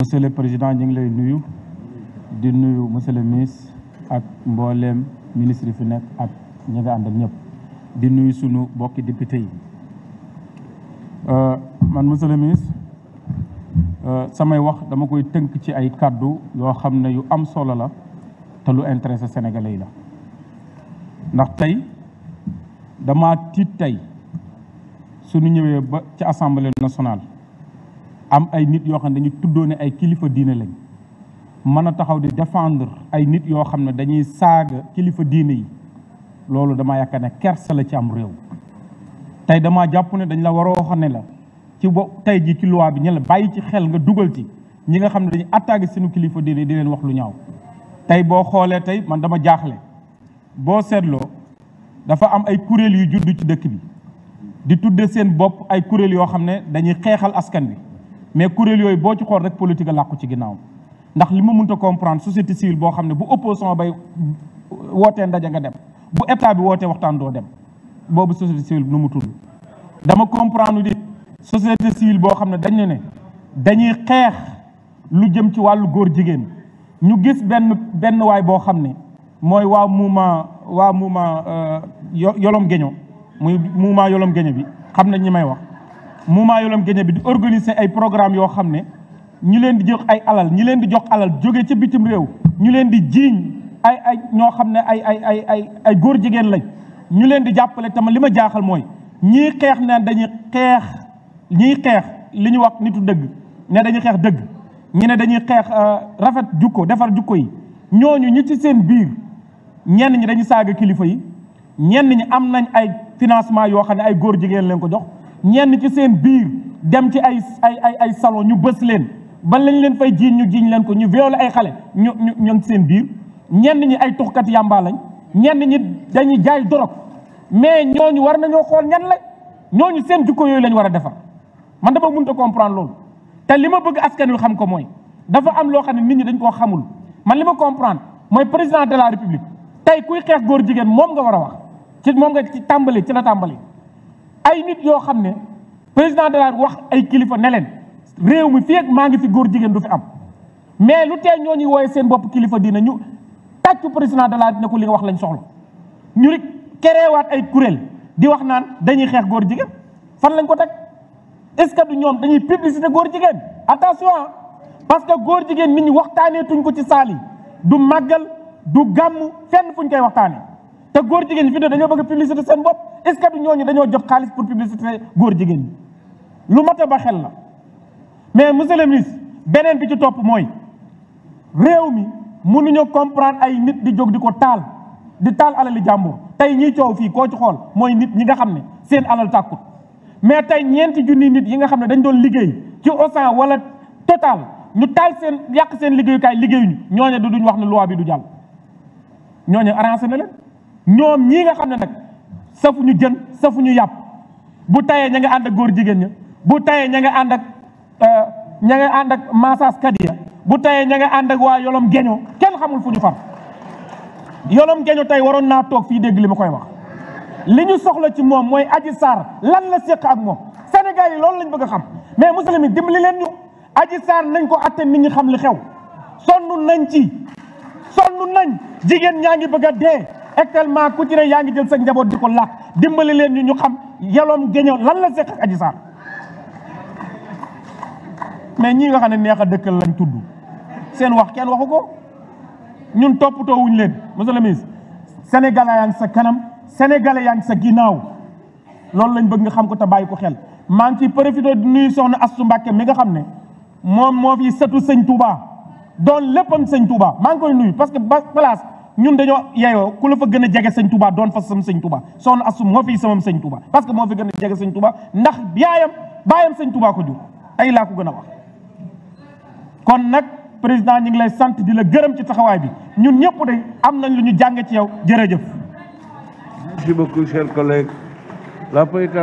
monsieur président ñu ngi lay nuyu di nuyu monsieur le ministre ak mbooleem ministre yi fi nekk ak ñi nga àndal ñëpp di nuyu sunu bokki député yi euh, man monsieur le ministre euh, samay wax dama koy tënk ci ay kàddu yoo xam ne yu am solo la te lu intéressé sénégalais yi la ndax tey dama tiit tey suñu ñëwee ba ci assemblée nationale am ay nit yoo xam ne dañuy tuddoo ay kilifa diine lañ mën a taxaw di défendre ay nit yoo xam ne dañuy saaga kilifa diine yi loolu dama yaakaar ne kersa la ci am réew tey dama jàpp ne dañ la waroo xam ne la ci bo tey ji ci loi bi ñu bàyyi ci xel nga dugal ci ñi nga xam ne dañuy attaqué sunu kilifa diine di leen wax lu ñaaw tey boo xoolee tey man dama jaaxle boo seetloo dafa am ay kuréel yu judd ci dëkk bi di tudde seen bopp ay kuréel yoo xam ne dañuy xeexal askan bi mais kuréel yooyu boo ci xool rek politique a làqu ci ginnaaw ndax li ma mënta comprendre société civile boo xam ne bu opposition bay wootee ndaje nga dem bu état bi wootee waxtaan doo dem boobu société civile nu mu tudd dama comprendre di société civile boo xam ne dañu ne dañuy xeex lu jëm ci wàllu góor jigéen ñu gis benn benn waay boo xam ne mooy waa mouvement waa mouvement euh, yolom géño muy mouvement yolom géño bi xam nañ ñi may wax mouvement Yolam Guédiawaye bi di organiser ay programme yoo xam ne ñu leen di jox ay alal ñu leen di jox alal jóge ci bitim réew ñu leen di jiiñ ay ay ñoo xam ne ay ay ay ay ay góor jigéen lañ ñu leen di jàppale tamit li ma jaaxal mooy ñii xeex ne dañuy xeex ñii xeex li ñu wax nitu dëgg ne dañuy xeex dëgg ñu ne dañuy xeex euh, rafet jukko defar jukko yi ñooñu ñu ci seen biir ñenn ñi dañu saaga kilifa yi ñenn ñi am nañ ay financement yoo xam ne ay góor jigéen leen ko jox ñenn ci seen biir dem ci ay ay ay ay salon ñu bës leen ban lañ leen fay jiiñ ñu jiiñ leen ko ñu violé ay xale ñu ñu ñoom ci seen biir ñenn ñi ay tuxkat yàmbaa lañ ñenn ñi dañuy jaay dorog mais ñooñu war nañoo xool ñan la ñooñu seen jukko yooyu lañ war a defar man dama mun te comprendre loolu te li ma bëgg askan wi xam ko mooy dafa am loo xam ne nit ñi dañ koo xamul man li ma comprendre mooy président de la république tey kuy xeex góor jigéen moom nga war a wax ci moom nga ci tàmbali ci la tàmbali ay nit yoo xam ne président de la wax ay kilifa ne réew mi fii maa ngi fi góor jigéen du fi am mais lu tee ñoo ñuy wooye seen bopp kilifa dina ñu tàccu président de la ne ko li nga wax lañ soxla ñu rik kerewaat ay kuréel di wax naan dañuy xeex góor jigéen fan lañ ko teg est-ce que du ñoom dañuy publicité góor jigéen attention ah, parce que góor jigéen nit ñu waxtaanee tuñ ko ci saali du màggal du gàmm fenn fu ñu koy waxtaanee. te góor jigéen ñi fi ne dañoo bëgg publicité seen bopp est ce que du ñooñu dañoo jox xaalis pour publicité góor jigéen ñi lu mat a ba xel na mais monsieur le ministre beneen bi ci topp mooy réew mi nu mënuñu comprendre ay nit di jóg di ko taal di taal alali jàmbur tey ñiy coow fii koo ci xool mooy nit ñi nga xam ne seen alal tàkkut mais tey ñeenti junni nit yi nga xam ne dañ doon liggéey ci Auchan wala Total ñu taal seen yàq seen liggéeyukaay liggéeyuñu ñooñu du duñ wax ne loi bi du jàll ñooñu arrangé na ñoom ñii nga xam ne nag safuñu jën safuñu yàpp bu tayee ña ngi ànd ak góor jigéen ña bu tayee ña ngi ànd ak euh, ña nga ànd ak massage kat ya bu tayee ña ngi ànd ak waa yolom geño kenn xamul fu ñu far yolom geño tey waroon naa toog fii dégg li ma koy wax li ñu soxla ci moom mooy Adji Sarr lan la séq ak moom Sénégal yi loolu lañ bëgg a xam mais musulmi li leen ñu Adji Sarr nañ ko atte nit ñi xam li xew sonn nañ ci sonn nañ jigéen ñaa ngi bëgg a dee actuellement ku ci ne yaa ngi jël sa njaboot di ko làkk dimbali leen ñu ñu xam yaloom géñoo lan la seq ak Adji Sarr mais ñi nga xam ne neex a dëkkal lañ tudd seen wax kenn waxu ko ñun toppatoo wuñ leen monsieur le ministre sénégalais yaa sa kanam sénégalais yaa ngi sa ginnaaw loolu lañ bëgg nga xam ko te bàyyi ko xel maa ngi ciy profité di nuyu soxna astu Mbacke mi nga xam ne moom moo fi setu sëñ Touba doon léppam sëñ Touba maa ngi koy nuyu parce ba place ñun dañoo yeyoo ku la fa gën a jege sañ Touba doon fa sam sëñ Touba soxna Astou moo fi samam sëñ Touba parce que moo fi gën a jege sëñ Touba ndax yaayam baayam sëñ Touba ko jur ay laa ko gën a wax kon nag président ñu ngi lay sant di la gërëm ci taxawaay bi ñun ñëpp de am nañ lu ñu jàng ci yow jërëjëf. merci beaucoup cher collègue la parole